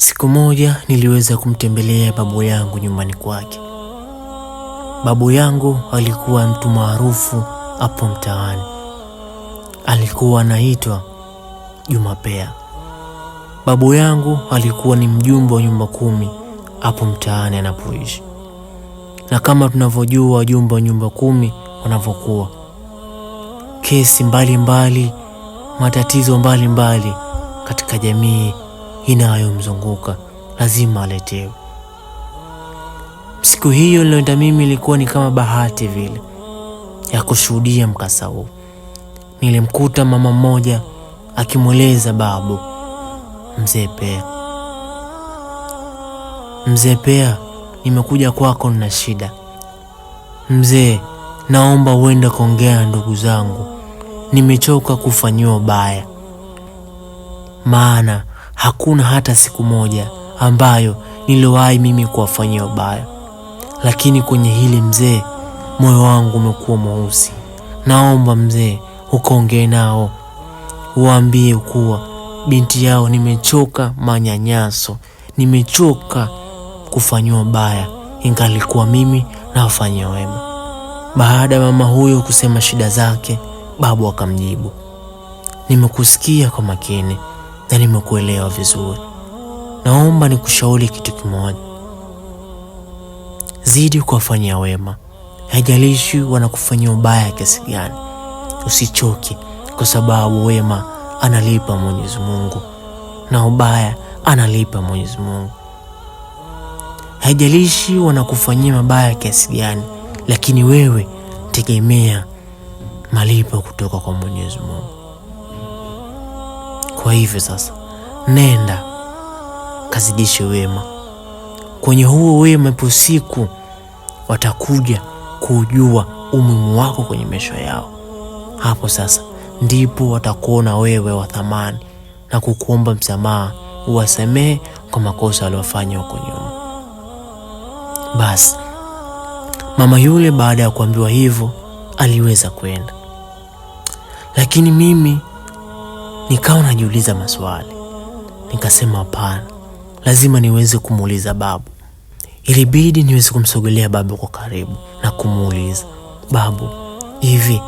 Siku moja niliweza kumtembelea babu yangu nyumbani kwake. Babu yangu alikuwa mtu maarufu hapo mtaani, alikuwa anaitwa Jumapea. Babu yangu alikuwa ni mjumbe wa nyumba kumi hapo mtaani anapoishi, na kama tunavyojua wajumbe wa nyumba kumi wanavyokuwa, kesi mbalimbali mbali, matatizo mbalimbali mbali katika jamii inayomzunguka lazima aletewe. Siku hiyo nilioenda mimi ilikuwa ni kama bahati vile ya kushuhudia mkasa huu. Nilimkuta mama mmoja akimweleza babu mzee Pea, mzee Pea, nimekuja kwako, nina shida mzee, naomba uende kuongea ndugu zangu, nimechoka kufanyiwa ubaya, maana hakuna hata siku moja ambayo niliwahi mimi kuwafanyia ubaya, lakini kwenye hili mzee, moyo wangu umekuwa mweusi. Naomba mzee ukaongee nao, uwaambie kuwa binti yao, nimechoka manyanyaso, nimechoka kufanyiwa ubaya, ingalikuwa mimi nawafanyia wema. Baada ya mama huyo kusema shida zake, babu akamjibu, nimekusikia kwa makini na nimekuelewa vizuri. Naomba nikushauri kitu kimoja, zidi kuwafanyia wema, haijalishi wanakufanyia ubaya kiasi gani. Usichoke, kwa sababu wema analipa Mwenyezi Mungu na ubaya analipa Mwenyezi Mungu. Haijalishi wanakufanyia mabaya kiasi gani, lakini wewe tegemea malipo kutoka kwa Mwenyezi Mungu. Kwa hivyo sasa, nenda kazidishe wema, kwenye huo wema ipo siku watakuja kujua umuhimu wako kwenye maisha yao. Hapo sasa ndipo watakuona wewe wa thamani na kukuomba msamaha, uwasamehe kwa makosa waliofanya huko nyuma. Basi mama yule baada ya kuambiwa hivyo aliweza kwenda, lakini mimi Nikawa najiuliza maswali, nikasema hapana, lazima niweze kumuuliza babu. Ilibidi niweze kumsogelea babu kwa karibu na kumuuliza babu, hivi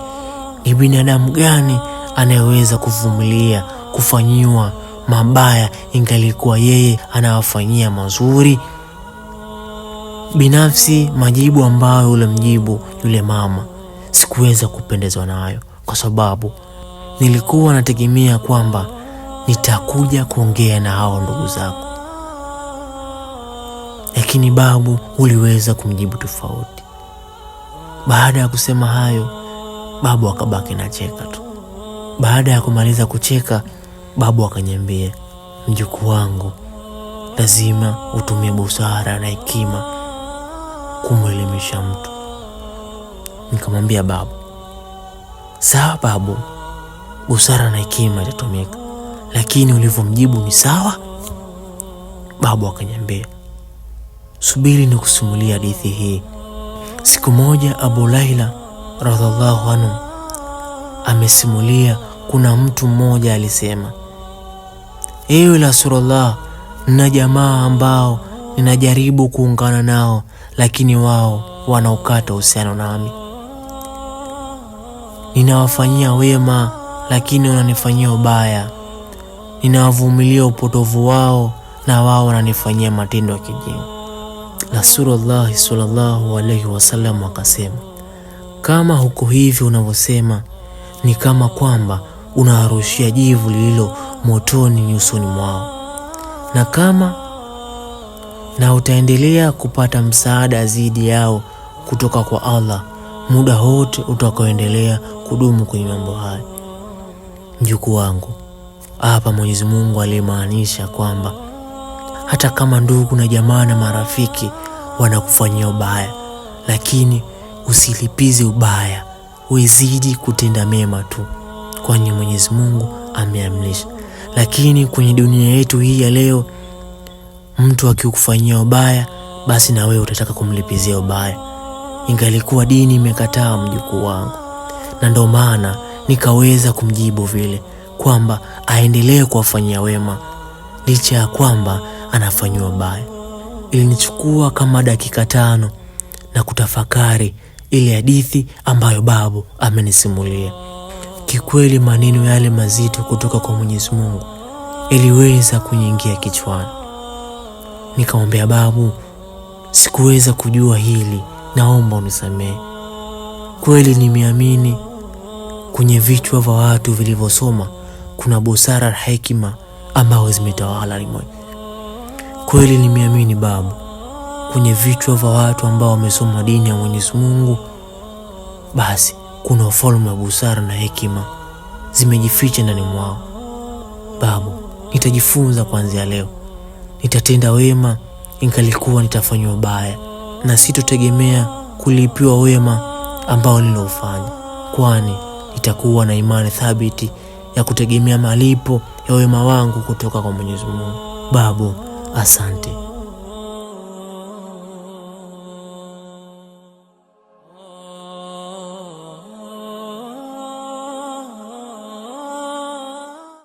ni binadamu gani anayeweza kuvumilia kufanyiwa mabaya ingalikuwa yeye anawafanyia mazuri? Binafsi, majibu ambayo yule mjibu yule mama sikuweza kupendezwa nayo, kwa sababu nilikuwa nategemea kwamba nitakuja kuongea na hao ndugu zako, lakini babu uliweza kumjibu tofauti. Baada ya kusema hayo, babu akabaki nacheka tu. Baada ya kumaliza kucheka, babu akaniambia, mjukuu wangu, lazima utumie busara na hekima kumwelimisha mtu. Nikamwambia babu, sawa babu busara na hekima itatumika, lakini ulivyomjibu ni sawa. Babu akanyambia subiri ni kusimulia hadithi hii. Siku moja Abu Laila radhiallahu anhu amesimulia, kuna mtu mmoja alisema, ewe Rasulullah, nina jamaa ambao ninajaribu kuungana nao, lakini wao wanaukata uhusiano nami, ninawafanyia wema lakini wananifanyia ubaya. Ninawavumilia upotovu wao na wao wananifanyia matendo ya kijini Rasulullahi sallallahu alaihi wasallam akasema, kama huko hivi unavyosema, ni kama kwamba unaarushia jivu lililo motoni nyusoni mwao, na kama na utaendelea kupata msaada zidi yao kutoka kwa Allah muda wote utakaoendelea kudumu kwenye mambo haya mjukuu wangu. Hapa Mwenyezi Mungu alimaanisha kwamba hata kama ndugu na jamaa na marafiki wanakufanyia ubaya, lakini usilipize ubaya, wezidi kutenda mema tu, kwani Mwenyezi Mungu ameamrisha. Lakini kwenye dunia yetu hii ya leo, mtu akikufanyia ubaya, basi na wewe utataka kumlipizia ubaya, ingalikuwa dini imekataa, mjukuu wangu, na ndio maana nikaweza kumjibu vile kwamba aendelee kuwafanyia wema licha ya kwamba anafanyiwa baya. Ilinichukua kama dakika tano na kutafakari ile hadithi ambayo babu amenisimulia. Kikweli, maneno yale mazito kutoka kwa Mwenyezi Mungu iliweza kunyingia kichwani. Nikamwambia babu, sikuweza kujua hili, naomba unisamehe. Kweli nimeamini Kwenye vichwa vya watu vilivyosoma kuna busara na hekima ambazo zimetawala limwe. Kweli nimeamini babu, kwenye vichwa vya watu ambao wamesoma dini ya Mwenyezi Mungu, basi kuna ufalme wa busara na hekima zimejificha ndani mwao. Babu, nitajifunza kuanzia leo, nitatenda wema ingalikuwa nitafanywa baya, na sitotegemea kulipiwa wema ambao nilofanya, kwani nitakuwa na imani thabiti ya kutegemea malipo ya wema wangu kutoka kwa Mwenyezi Mungu. Babu, asante.